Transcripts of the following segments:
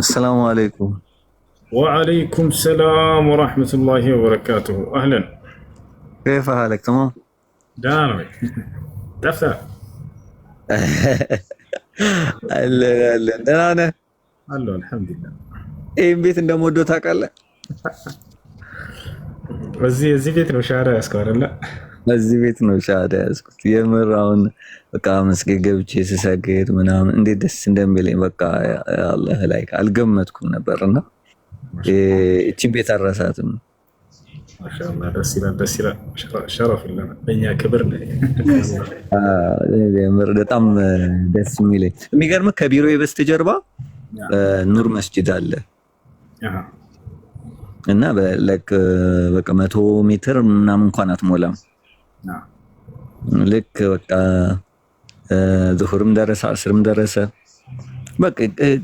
السلام عليكم وعليكم السلام ورحمة الله وبركاته أهلا كيف حالك تمام؟ دانوي دفتر دانا الو الحمد لله ايه بيت اندم ودو تاكل ازي ازي بيت اسكار لا እዚህ ቤት ነው ሻዳ ያዝኩት። የምር አሁን በቃ መስጊድ ገብቼ ስሰግድ ምናምን እንዴት ደስ እንደሚለኝ በቃ አላህ ላይ አልገመትኩም ነበር እና እቺን ቤት አረሳትም። በጣም ደስ የሚለኝ የሚገርም ከቢሮ በስተጀርባ ኑር መስጂድ አለ እና በቃ መቶ ሜትር ምናምን እንኳን አትሞላም። ልክ በቃ ዙሁርም ደረሰ፣ አስርም ደረሰ። በቃ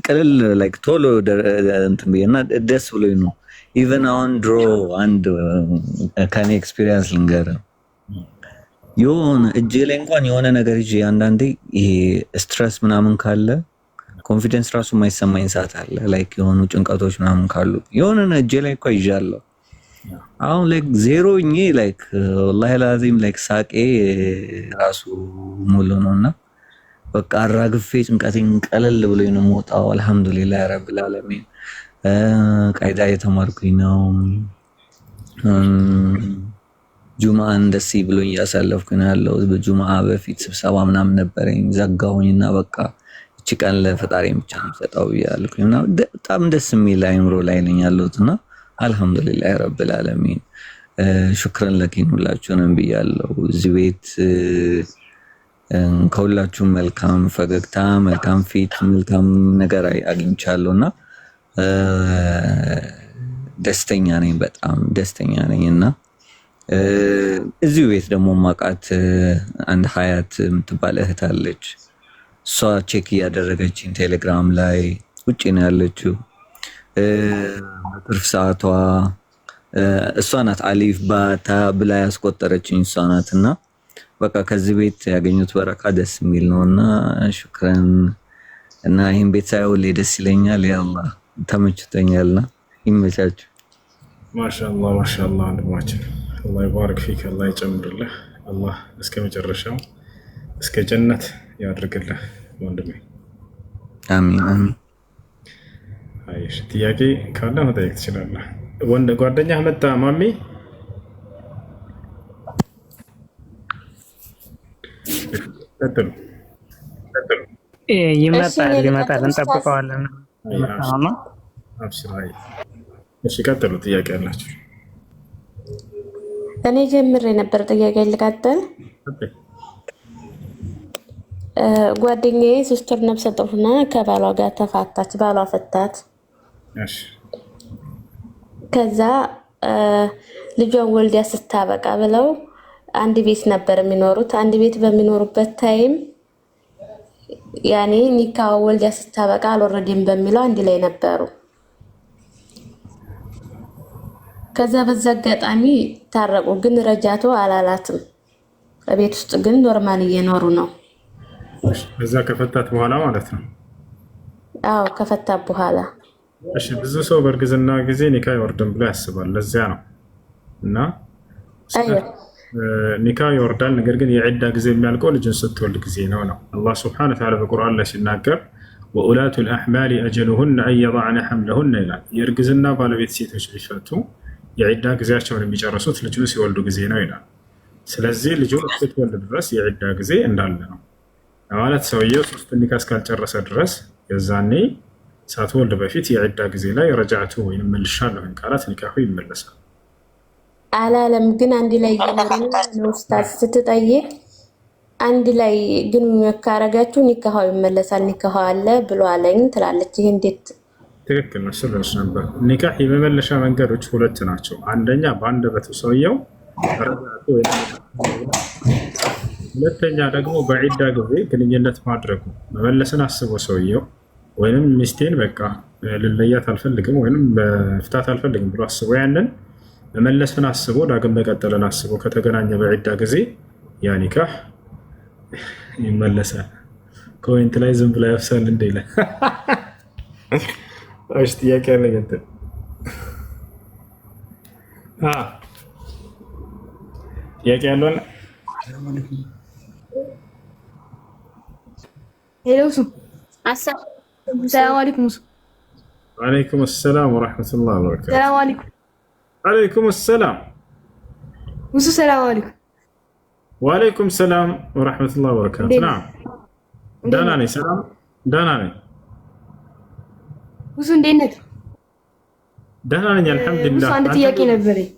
ቅልል ላይክ ቶሎ እንትን ብዬና ደስ ብሎኝ ነው። ኢቨን አሁን ድሮ አንድ ከኔ ኤክስፒሪየንስ ልንገር የሆነ እጄ ላይ እንኳን የሆነ ነገር ይዤ አንዳንዴ ይሄ ስትረስ ምናምን ካለ ኮንፊደንስ ራሱ የማይሰማኝ ሰዓት አለ። ላይክ የሆኑ ጭንቀቶች ምናምን ካሉ የሆነ እጄ ላይ እኮ ይዣለሁ አሁን ላይክ ዜሮ እኔ ላይክ ወላሂ ላዚም ላይክ ሳቄ ራሱ ሙሉ ነውና በቃ አራግፌ ጭንቀቴን ቀለል ብሎ ነው የምወጣው። አልሐምዱሊላህ ረብል ዓለሚን ቃይዳ እየተማርኩኝ ነው። ጁማአን ደስ ብሎኝ እያሳለፍኩ ነው ያለው። በጁማአ በፊት ስብሰባ ምናምን ነበረኝ ዘጋሁኝና በቃ እቺ ቀን ለፈጣሪ ብቻ ነው ሰጣው ብያለሁ በጣም ደስ የሚል አይምሮ ላይ ነኝ ያለሁትና አልሐምዱሊላህ ረብል ዓለሚን ሹክረን ለኪን ሁላችሁንም ብያለው። እዚህ ቤት ከሁላችሁም መልካም ፈገግታ፣ መልካም ፊት፣ መልካም ነገር አግኝቻለሁ እና ደስተኛ ነኝ፣ በጣም ደስተኛ ነኝ እና እዚሁ ቤት ደግሞ ማቃት አንድ ሀያት የምትባል እህት አለች። እሷ ቼክ እያደረገችን ቴሌግራም ላይ ውጭ ነው ያለችው በትርፍ ሰዓቷ እሷ ናት አሊፍ ባታ ብላ ያስቆጠረችኝ እሷ ናት። እና በቃ ከዚህ ቤት ያገኙት በረካ ደስ የሚል ነው እና ሹክረን እና ይህን ቤት ሳይውል ደስ ይለኛል። ያላ ና ይመቻችሁ። ማሻላ ማሻላ፣ ወንድማችን አላህ ይባርክ ፊክ፣ አላህ ይጨምርልህ፣ አላህ እስከ መጨረሻው እስከ ጀነት ያድርግልህ ወንድሜ። አሚን አሚን። ጥያቄ ካለ መጠየቅ ትችላለህ። ጓደኛህ መጣ ማሚ ይመጣል ይመጣል፣ እንጠብቀዋለን። እሺ ቀጥሉ። ጥያቄ አላችሁ? እኔ ጀምር የነበረ ጥያቄ ልቀጥል። ጓደኛዬ ሶስት ወር ነብሰ ጡር ሆና ከባሏ ጋር ተፋታች፣ ባሏ ፈታት። ከዛ ልጇን ወልዲያ ስታበቃ ብለው አንድ ቤት ነበር የሚኖሩት። አንድ ቤት በሚኖሩበት ታይም ያኔ ኒካ ወልዲያ ስታበቃ አልወረድም በሚለው አንድ ላይ ነበሩ። ከዛ በዛ አጋጣሚ ታረቁ። ግን ረጃቶ አላላትም። በቤት ውስጥ ግን ኖርማል እየኖሩ ነው። እዛ ከፈታት በኋላ ማለት ነው። አዎ ከፈታት በኋላ እሺ ብዙ ሰው በእርግዝና ጊዜ ኒካ ይወርድም ብሎ ያስባል። ለዚያ ነው እና ኒካ ይወርዳል። ነገር ግን የዒዳ ጊዜ የሚያልቀው ልጅን ስትወልድ ጊዜ ነው ነው አላህ ስብሐነ ወተዓላ በቁርአን ላይ ሲናገር ወኡላቱ ልአሕማሊ አጀሉሁን አየባዕነ ሐምለሁነ ይላል። የእርግዝና ባለቤት ሴቶች ሊፈቱ የዒዳ ጊዜያቸውን የሚጨርሱት ልጁን ሲወልዱ ጊዜ ነው ይላል። ስለዚህ ልጁ ስትወልድ ድረስ የዒዳ ጊዜ እንዳለ ነው ማለት ሰውየው ሶስት ኒካ እስካልጨረሰ ድረስ የዛኔ ሳትወልድ በፊት የዕዳ ጊዜ ላይ ረጃዕቱ ወይም መልሻለሁ ቃላት ኒካሁ ይመለሳል አላለም። ግን አንድ ላይ ኡስታዝ ስትጠይቅ አንድ ላይ ግንኙነት ካረጋችሁ ኒካሁ ይመለሳል፣ ኒካሁ አለ ብሎ አለኝ ትላለች። ይህ እንዴት ትክክል ነው? ስልሽ ነበር። ኒካህ የመመለሻ መንገዶች ሁለት ናቸው። አንደኛ በአንድ በአንደበቱ ሰውየው፣ ሁለተኛ ደግሞ በዒዳ ጊዜ ግንኙነት ማድረጉ መመለስን አስቦ ሰውየው ወይንም ሚስቴን በቃ ልለያት አልፈልግም ወይም በፍታት አልፈልግም ብሎ አስቦ ያንን መመለስን አስቦ ዳግም መቀጠልን አስቦ ከተገናኘ በዒዳ ጊዜ ያ ኒካህ ይመለሳል። ኮሜንት ላይ ዝም ብላ ያፍሳል እንደ ይላል። እሺ ጥያቄ ያለ ገንትን ጥያቄ ያለውን ሄሎ ሱ ሰላም አለይኩም። ወአለይኩም ሰላም ወራህመቱላሂ ወበረካቱህ። ሰላም አለይኩም። አለይኩም ሰላም ሙሱ። ሰላም አለይኩም። ወአለይኩም ሰላም ወራህመቱላሂ ወበረካቱህ። ናም ደህና ነኝ። ሰላም ደህና ነኝ። ሙሱ እንዴት ነህ? ደህና ነኝ አልሐምዱሊላህ። ሙሱ አንድ ጥያቄ ነበረኝ።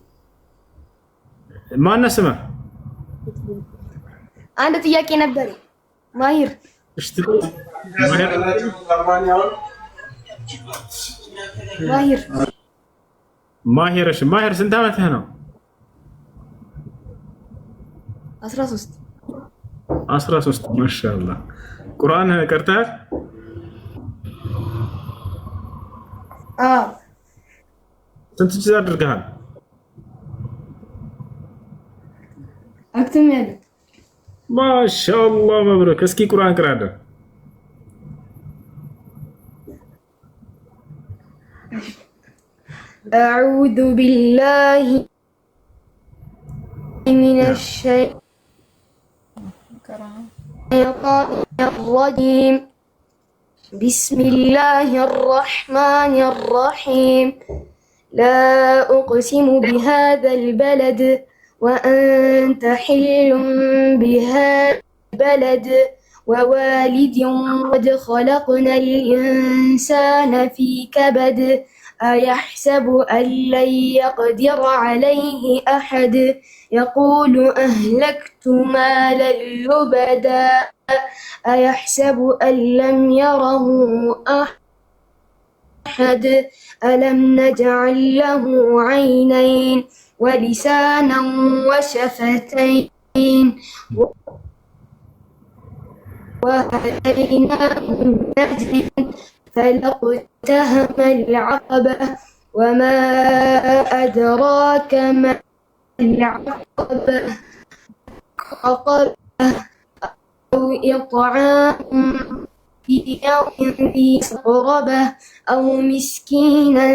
ማነህ ስምህ? አንድ ጥያቄ ነበረኝ ማሂር ማሄረሽ ማሄር ስንት ዓመትህ ነው? አስራ ሦስት አስራ ሦስት ማሻአላህ። ቁርአን ቀርተሃል? ስንት ጅዝ አድርገሃል? አክትም ያለው ما شاء الله مبروك اسكي قران قرادة أعوذ بالله من الشيطان الرجيم بسم الله الرحمن الرحيم لا أقسم بهذا البلد وأنت حل بهذا البلد ووالد قد خلقنا الإنسان في كبد أيحسب أن لن يقدر عليه أحد يقول أهلكت مالا لبدا أيحسب أن لم يره أحد أحد ألم نجعل له عينين ولسانا وشفتين وهديناه النجد فلقتهم العقبة وما أدراك ما العقبة عقبة أو إطعام بيوم ذي قربة أو مسكينا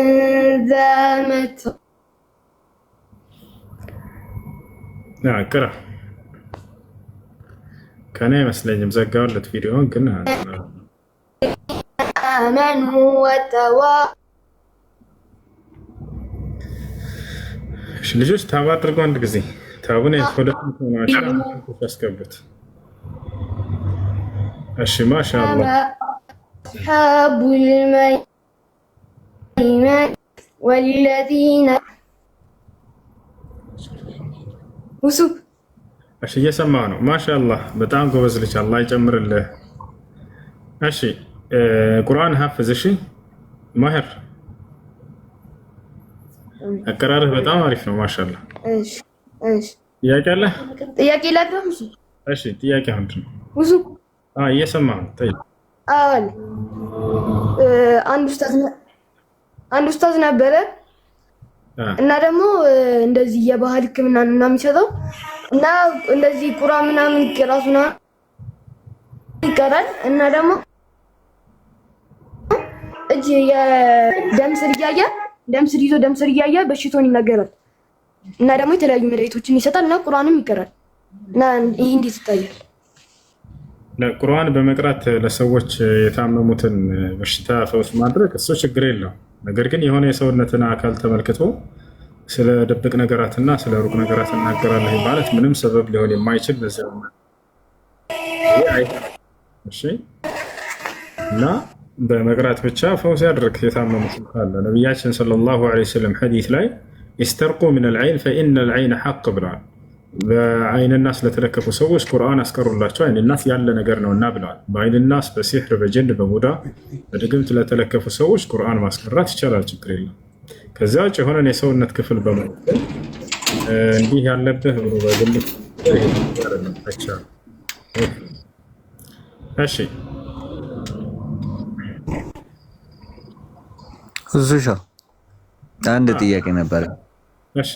ذا متربة ቅራ ከእኔ አይመስለኝም። ዘጋሁለት ቪዲዮን ግን አመኑ ወተዋ ልጆች ታባ አድርጎ አንድ ጊዜ ታቡን ሁለት ያስገቡት ماشي ما شاء الله أصحاب الميمنة والذين وسوب أشي يسمعنا ما شاء الله بتاعك وزلك الله يجمر الله أشي آه، قرآن حافظ شيء ماهر أكرر بتاعه عارف ما شاء الله إيش إيش يا كلا يا كلا تمشي أشي تيا كهانتن وسوب እየሰማ አንድ ኡስታዝ ነበረ እና ደግሞ እንደዚህ የባህል ሕክምና ነው የሚሰጠው እና እንደዚህ ቁራ ምናምን ራሱ ይቀራል እና ደግሞ እጅ የደም ስር እያየ ደም ስር ይዞ ደም ስር እያየ በሽቶን ይነገራል እና ደግሞ የተለያዩ መድኃኒቶችን ይሰጣል እና ቁርአንም ይቀራል እና ይህ እንዴት ይታያል? ቁርአን በመቅራት ለሰዎች የታመሙትን በሽታ ፈውስ ማድረግ እሱ ችግር የለው። ነገር ግን የሆነ የሰውነትን አካል ተመልክቶ ስለ ድብቅ ነገራትና ስለ ሩቅ ነገራት እናገራለህ ማለት ምንም ሰበብ ሊሆን የማይችል በዚያ እና በመቅራት ብቻ ፈውስ ያድርግ የታመሙት ካለ። ነቢያችን ሰለላሁ ዐለይሂ ወሰለም ሐዲስ ላይ ኢስተርቁ ሚነል ዐይን ፈኢነል ዐይነ ሐቅ ብለዋል። በአይንናስ ለተለከፉ ሰዎች ቁርአን አስቀሩላቸው። አይንናስ ያለ ነገር ነው እና ብለዋል። በአይንናስ በሲሕር በጀን በቡዳ በድግምት ለተለከፉ ሰዎች ቁርአን ማስቀራት ይቻላል፣ ችግር የለም። ከዚያ ውጭ የሆነን የሰውነት ክፍል በመጠን እንዲህ ያለብህ ብሎ በግል እሺ፣ አንድ ጥያቄ ነበረ። እሺ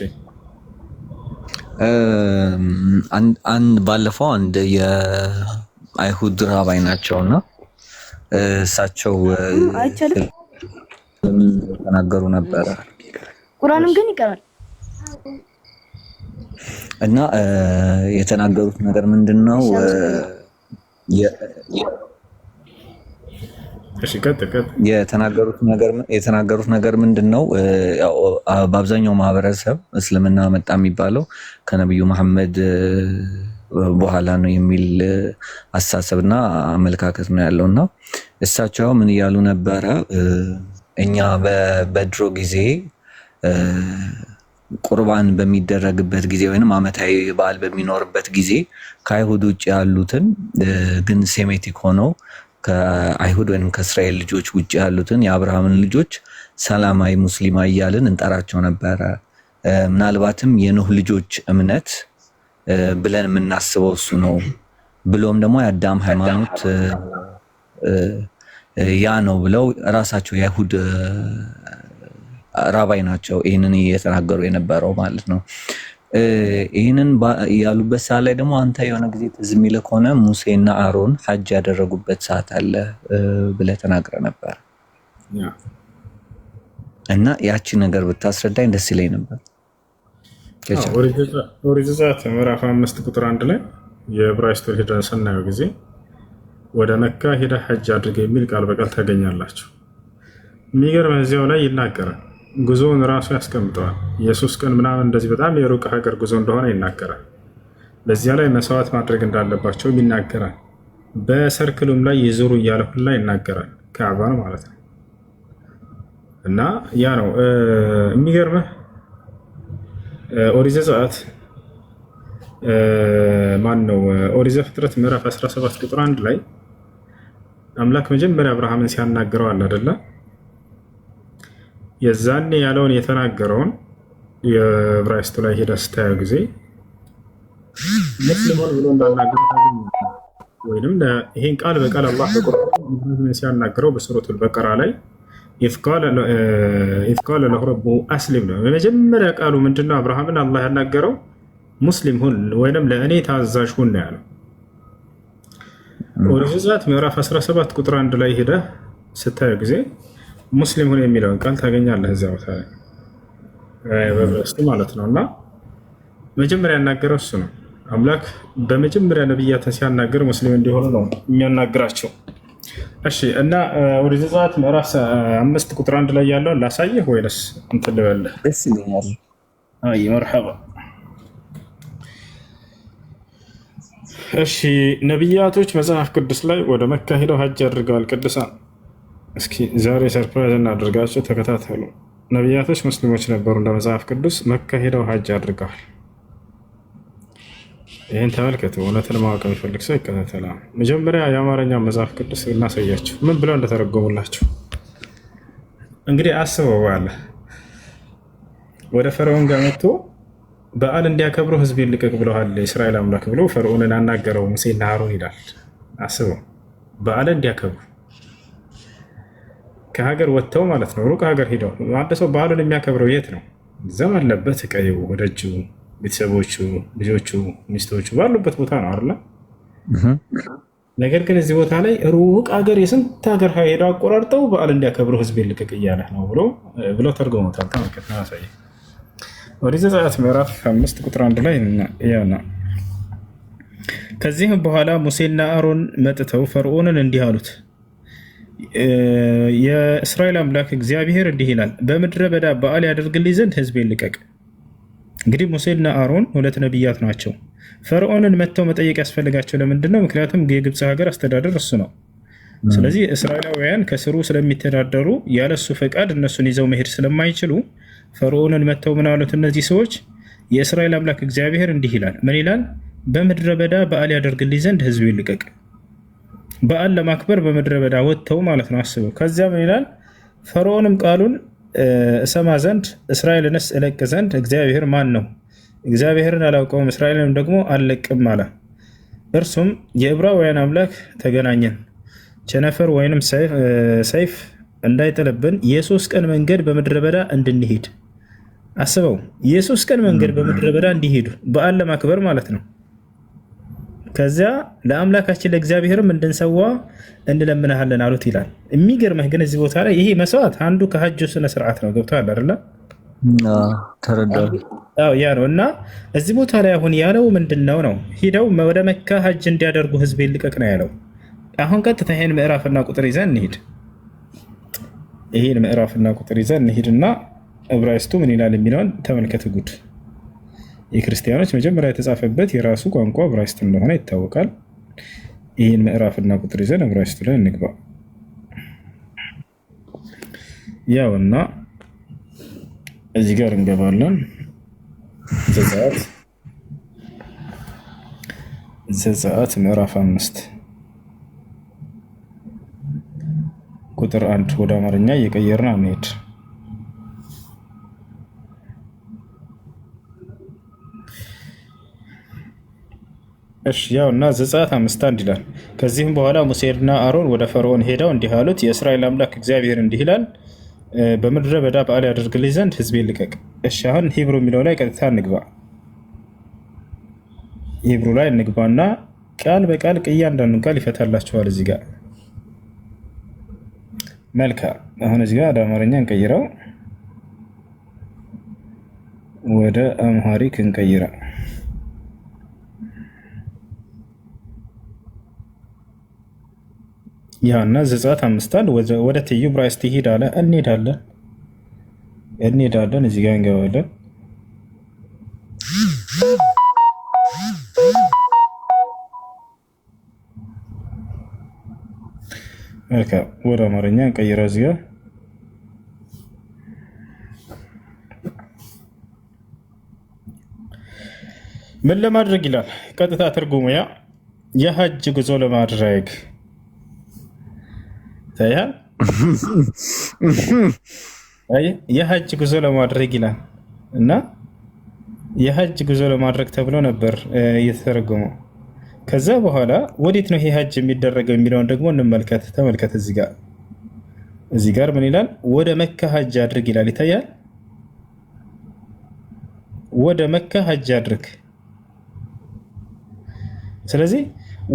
አንድ ባለፈው አንድ የአይሁድ ራባይ ናቸው እና እሳቸው ተናገሩ ነበረ። ቁራንም ግን ይቀራል እና የተናገሩት ነገር ምንድን ነው? የተናገሩት ነገር ምንድን ነው? በአብዛኛው ማህበረሰብ እስልምና መጣ የሚባለው ከነቢዩ መሐመድ በኋላ ነው የሚል አስተሳሰብና አመለካከት ነው ያለው እና እሳቸው ምን እያሉ ነበረ? እኛ በድሮ ጊዜ ቁርባን በሚደረግበት ጊዜ ወይም አመታዊ በዓል በሚኖርበት ጊዜ ከአይሁድ ውጭ ያሉትን ግን ሴሜቲክ ሆነው ከአይሁድ ወይም ከእስራኤል ልጆች ውጭ ያሉትን የአብርሃምን ልጆች ሰላማዊ ሙስሊማ እያልን እንጠራቸው ነበረ። ምናልባትም የኖህ ልጆች እምነት ብለን የምናስበው እሱ ነው። ብሎም ደግሞ የአዳም ሃይማኖት ያ ነው ብለው ራሳቸው የአይሁድ ራባይ ናቸው ይህንን እየተናገሩ የነበረው ማለት ነው። ይህንን ያሉበት ሰዓት ላይ ደግሞ አንተ የሆነ ጊዜ ትዝ የሚልህ ከሆነ ሙሴና አሮን ሀጅ ያደረጉበት ሰዓት አለ ብለህ ተናግረ ነበር እና ያቺ ነገር ብታስረዳኝ ደስ ይለኝ ነበር። ኦሪት ዘጸአት ምዕራፍ አምስት ቁጥር አንድ ላይ የዕብራይስጡን ሄደን ስናየው ጊዜ ወደ መካ ሄደ ሀጅ አድርገ የሚል ቃል በቃል ታገኛላቸው። የሚገርም እዚያው ላይ ይናገራል ጉዞውን ራሱ ያስቀምጠዋል። የሶስት ቀን ምናምን እንደዚህ በጣም የሩቅ ሀገር ጉዞ እንደሆነ ይናገራል። በዚያ ላይ መስዋዕት ማድረግ እንዳለባቸውም ይናገራል። በሰርክሉም ላይ ይዞሩ እያለ ሁላ ይናገራል። ነው ማለት ነው። እና ያ ነው የሚገርምህ ኦሪት ዘጸአት ማን ነው? ኦሪት ዘፍጥረት ምዕራፍ 17 ቁጥር አንድ ላይ አምላክ መጀመሪያ አብርሃምን አለ አይደለም። የዛኔ ያለውን የተናገረውን የዕብራይስጡ ላይ ሄደ ስታየው ጊዜ ሙስሊሙን ብሎ እንዳናገረ ወይም ይህን ቃል በቃል አላህ በቁርአን ሲያናገረው በሱረቱል በቀራ ላይ ኢዝ ቃለ ለሁ ረቡሁ አስሊም ነው። የመጀመሪያ ቃሉ ምንድነው? አብርሃምን አላህ ያናገረው ሙስሊም ሁን ወይም ለእኔ ታዛዥ ሁን ነው ያለው። ወደ ዘጸአት ምዕራፍ 17 ቁጥር አንድ ላይ ሄደህ ስታየው ጊዜ ሙስሊም ሁን የሚለውን ቃል ታገኛለህ እዚያ ቦታ በብረስቱ ማለት ነው። እና መጀመሪያ ያናገረው እሱ ነው። አምላክ በመጀመሪያ ነቢያትን ሲያናገር ሙስሊም እንዲሆኑ ነው የሚያናግራቸው። እሺ እና ወደ ዘጸአት ምዕራፍ አምስት ቁጥር አንድ ላይ ያለውን ላሳየህ ወይስ እንትን ልበልህ? ደስ ይለኛል። አይ መርሐባ። እሺ ነቢያቶች መጽሐፍ ቅዱስ ላይ ወደ መካ ሄደው ሀጅ አድርገዋል ቅዱሳን እስኪ ዛሬ ሰርፕራይዝ እናደርጋቸው። ተከታተሉ። ነቢያቶች ሙስሊሞች ነበሩ። እንደ መጽሐፍ ቅዱስ መካ ሄደው ሀጅ አድርገዋል። ይህን ተመልከቱ። እውነትን ማወቅ የሚፈልግ ሰው ይከታተላ። መጀመሪያ የአማርኛ መጽሐፍ ቅዱስ እናሳያቸው፣ ምን ብለው እንደተረጎሙላቸው እንግዲህ አስበው። አለ ወደ ፈርዖን ጋር መጥቶ በዓል እንዲያከብሩ ህዝብ ልቀቅ ብለዋል እስራኤል አምላክ ብሎ ፈርዖንን አናገረው። ሙሴና አሮን ይላል። አስበው በዓል እንዲያከብሩ ከሀገር ወጥተው ማለት ነው፣ ሩቅ ሀገር ሄደው አንድ ሰው ባህሉን የሚያከብረው የት ነው? ዘም አለበት ቀዩ፣ ወደጁ፣ ቤተሰቦቹ፣ ልጆቹ፣ ሚስቶቹ ባሉበት ቦታ ነው አለ። ነገር ግን እዚህ ቦታ ላይ ሩቅ ሀገር የስንት ሀገር ሄደው አቆራርጠው በዓል እንዲያከብረው ህዝብ ልቀቅ እያለ ነው ብሎ ብሎ ተርጎሞታል። ተመልከት ነው ያሳየ ወደ ዘጸአት ምዕራፍ አምስት ቁጥር አንድ ላይ ያና ከዚህም በኋላ ሙሴና አሮን መጥተው ፈርዖንን እንዲህ አሉት የእስራኤል አምላክ እግዚአብሔር እንዲህ ይላል፣ በምድረ በዳ በዓል ያደርግልኝ ዘንድ ህዝቤን ልቀቅ። እንግዲህ ሙሴና አሮን ሁለት ነቢያት ናቸው። ፈርዖንን መጥተው መጠየቅ ያስፈልጋቸው ለምንድን ነው? ምክንያቱም የግብፅ ሀገር አስተዳደር እሱ ነው። ስለዚህ እስራኤላውያን ከስሩ ስለሚተዳደሩ ያለሱ ፈቃድ እነሱን ይዘው መሄድ ስለማይችሉ ፈርዖንን መጥተው ምን አሉት? እነዚህ ሰዎች የእስራኤል አምላክ እግዚአብሔር እንዲህ ይላል፣ ምን ይላል? በምድረ በዳ በዓል ያደርግልኝ ዘንድ ህዝቤን ልቀቅ በዓል ለማክበር በምድረ በዳ ወጥተው ማለት ነው። አስበው። ከዚያ ምን ይላል? ፈርዖንም ቃሉን እሰማ ዘንድ እስራኤልንስ እለቅ ዘንድ እግዚአብሔር ማን ነው? እግዚአብሔርን አላውቀውም እስራኤልንም ደግሞ አልለቅም አለ። እርሱም የዕብራውያን አምላክ ተገናኘን፣ ቸነፈር ወይንም ሰይፍ እንዳይጥልብን የሶስት ቀን መንገድ በምድረ በዳ እንድንሄድ። አስበው፣ የሶስት ቀን መንገድ በምድረ በዳ እንዲሄዱ በዓል ለማክበር ማለት ነው። ከዚያ ለአምላካችን ለእግዚአብሔርም እንድንሰዋ እንለምናሃለን አሉት ይላል። የሚገርመህ ግን እዚህ ቦታ ላይ ይሄ መስዋዕት አንዱ ከሀጁ ስነ ስርዓት ነው። ገብቶሃል አይደለ? ያ ነው እና እዚህ ቦታ ላይ አሁን ያለው ምንድን ነው ነው ሂደው ወደ መካ ሀጅ እንዲያደርጉ ህዝብ ይልቀቅ ነው ያለው። አሁን ቀጥታ ይሄን ምዕራፍና ቁጥር ይዘን እንሂድ። ይሄን ምዕራፍና ቁጥር ይዘን እና እብራይስቱ ምን ይላል የሚለውን ተመልከት ጉድ የክርስቲያኖች መጀመሪያ የተጻፈበት የራሱ ቋንቋ ዕብራይስጥ እንደሆነ ይታወቃል። ይህን ምዕራፍና ቁጥር ይዘን ዕብራይስጡ ላይ እንግባ። እና እዚህ ጋር እንገባለን። ዘጸአት ዘጸአት ምዕራፍ አምስት ቁጥር አንድ ወደ አማርኛ እየቀየርን አንሄድ እሺ ያው እና ዘጸአት አምስት አንድ ይላል። ከዚህም በኋላ ሙሴና አሮን ወደ ፈርዖን ሄደው እንዲህ አሉት፣ የእስራኤል አምላክ እግዚአብሔር እንዲህ ይላል፣ በምድረ በዳ በዓል ያደርግልኝ ዘንድ ህዝቤን ልቀቅ። እሺ አሁን ሂብሩ የሚለው ላይ ቀጥታ እንግባ። ሂብሩ ላይ እንግባና ቃል በቃል እያንዳንዱን ቃል ይፈታላችኋል። እዚህ ጋር መልካ አሁን እዚህ ጋር ወደ አማርኛ እንቀይረው፣ ወደ አምሃሪክ እንቀይረው ያና ዘጸአት አምስታል ወደ ትዩ ብራይስ ትሄድ አለ። እንሄዳለን እንሄዳለን፣ እዚህ ጋር እንገባለን። መልካም ወደ አማርኛ ቀይራ እዚህ ጋር ምን ለማድረግ ይላል ቀጥታ ትርጉሙ ያ የሀጅ ጉዞ ለማድረግ ታያል። የሀጅ ጉዞ ለማድረግ ይላል እና የሀጅ ጉዞ ለማድረግ ተብሎ ነበር እየተተረጎመው። ከዛ በኋላ ወዴት ነው ይሄ ሀጅ የሚደረገው የሚለውን ደግሞ እንመልከት። ተመልከት፣ እዚህ ጋር እዚህ ጋር ምን ይላል? ወደ መካ ሀጅ አድርግ ይላል። ይታያል። ወደ መካ ሀጅ አድርግ። ስለዚህ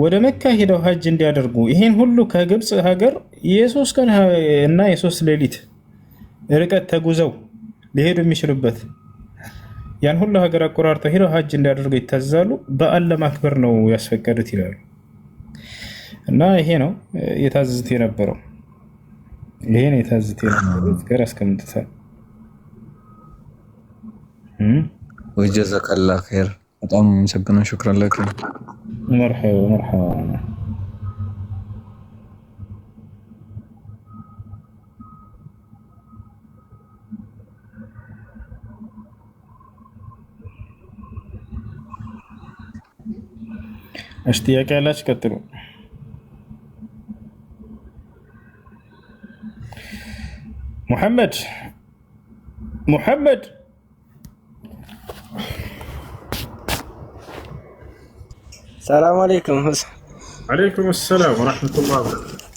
ወደ መካ ሄደው ሀጅ እንዲያደርጉ ይሄን ሁሉ ከግብፅ ሀገር የሶስት ቀን እና የሶስት ሌሊት ርቀት ተጉዘው ሊሄዱ የሚችሉበት ያን ሁሉ ሀገር አቆራርተው ሄደው ሀጅ እንዲያደርጉ ይታዛሉ። በዓል ለማክበር ነው ያስፈቀዱት ይላሉ። እና ይሄ ነው የታዘዙት የነበረው። ይሄ ነው የታዘዙት የነበረው ጋር አስቀምጥታል። ወጀዛከላ ኸይር بطعم مسكنه شكرا لك مرحبا مرحبا اشتياك علاش كترو محمد محمد السلام عليكم حسن عليكم السلام ورحمة الله وبركاته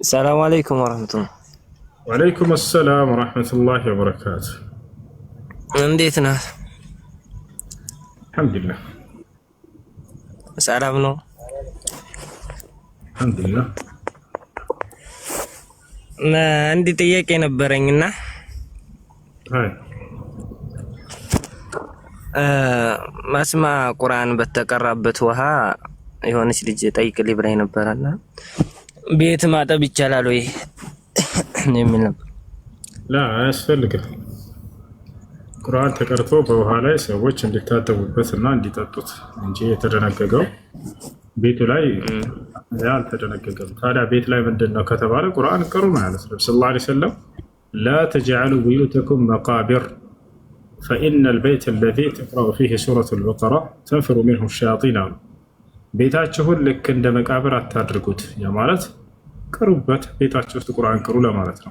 السلام عليكم ورحمة الله وعليكم السلام ورحمة الله وبركاته لله السلام عليكم الحمد لله አልሐምዱሊላህ عندي ጥያቄ ነበረኝና አይ አስማ ቁርአን በተቀራበት ውሃ የሆነች ልጅ ጠይቅልኝ ብላኝ ነበረና ቤት ማጠብ ይቻላል ወይ የሚል ነበር። ላ አያስፈልግም። ቁርአን ተቀርቶ በውሃ ላይ ሰዎች እንዲታጠቡበት እና እንዲጠጡት እንጂ የተደነገገው ቤቱ ላይ አልተደነገገም። ታዲያ ቤት ላይ ምንድን ነው ከተባለ ቁርአን ቀሩ ማለት ነው። ስ ላ ሰለም ላ ተጅዓሉ ቡዩተኩም መቃብር ፈኢነ ልበይት አለዚ ትቅረኡ ፊህ ሱረት ልበቀራ ተንፍሩ ሚንሁ ሸያጢን አሉ። ቤታችሁን ልክ እንደ መቃብር አታድርጉት። ያ ማለት ቅሩበት፣ ቤታችሁ ውስጥ ቁርአን ቅሩ ለማለት ነው።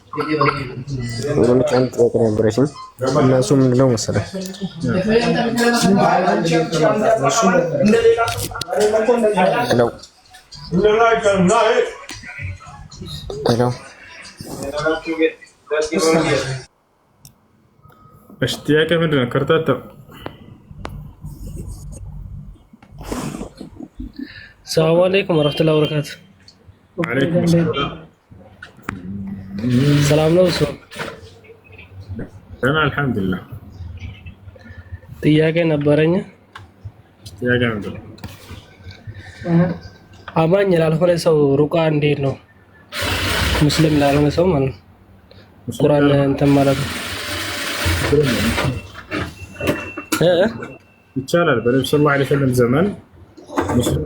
ወንዶች አንድ ጥያቄ ነበረችኝ እና ምንድን ነው መሰለህ፣ ሄሎ ሄሎ፣ እሺ ጥያቄ ምንድን ነው? ከርታታ ሰላም አለይኩም ወረሕመቱላሂ ወበረካቱ። ሰላም ነው እሱ ደህና አልሐምዱሊላህ። ጥያቄ ነበረኝ። ጥያቄ ነበረኝ። አማኝ ላልሆነ ሰው ሩቃ እንዴት ነው? ሙስሊም ላልሆነ ሰው ማለት ነው ቁርአን እንትን ማለት ነው ይቻላል። በነቢ ሰለላሁ ዐለይሂ ወሰለም ዘመን ሙስሊም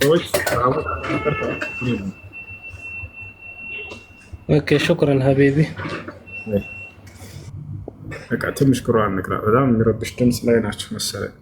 ሰዎች اوكي شكرا حبيبي بقى إيه. تمشكروا على النقرا بدام يربش تمس لاي ناتش